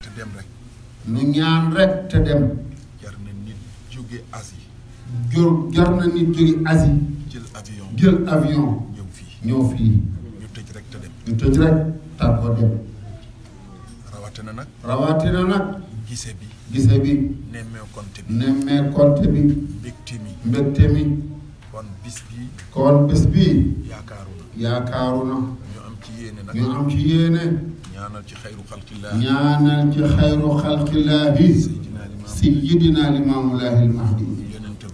te dem rek. ñu ñaan rek te dem. jar na nit jóge Asie. jor jar na nit jóge Asie. jël avion jël avion. ñëw fii ñëw fii. ñu tëj rek te dem. ñu tëj rek tàggoo dem. rawatina nag. rawatina nag. gise bi gise bi. nemmee konte bi nemmee konte bi. mbégte mi mbégte mi. kon bis bi kon bis bi yaakaaru na. yaakaaru na. ñu am ci yéene nag ñu am ci yéene. ñaanal ci xayru xalqillah ñaanal ci xayru xalqillah sayyidina limaamulaahi al-mahdi yonentu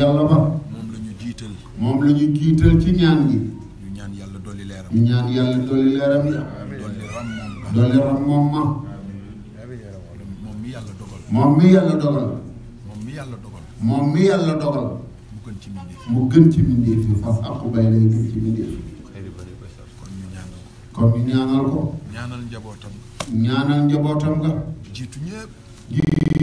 yàlla ba moom la ñu jiital moom la ñu jiital ci ñaan gi ñu ñaan yàlla dolli leeram ñu ñaan yàlla dolli leeram yi dolli ram moom dolli ram moom ma moom mi yàlla dogal moom mi yàlla dogal moom mi yàlla dogal moom mi yàlla dogal mu gën ci mbindeef mu gën ci mbindeef yi fas aqu bay lay gën ci mbindeef kon ñaanal ko. ñaanal njabootam. ñaanal njabootam nga. jiitu ñëpp.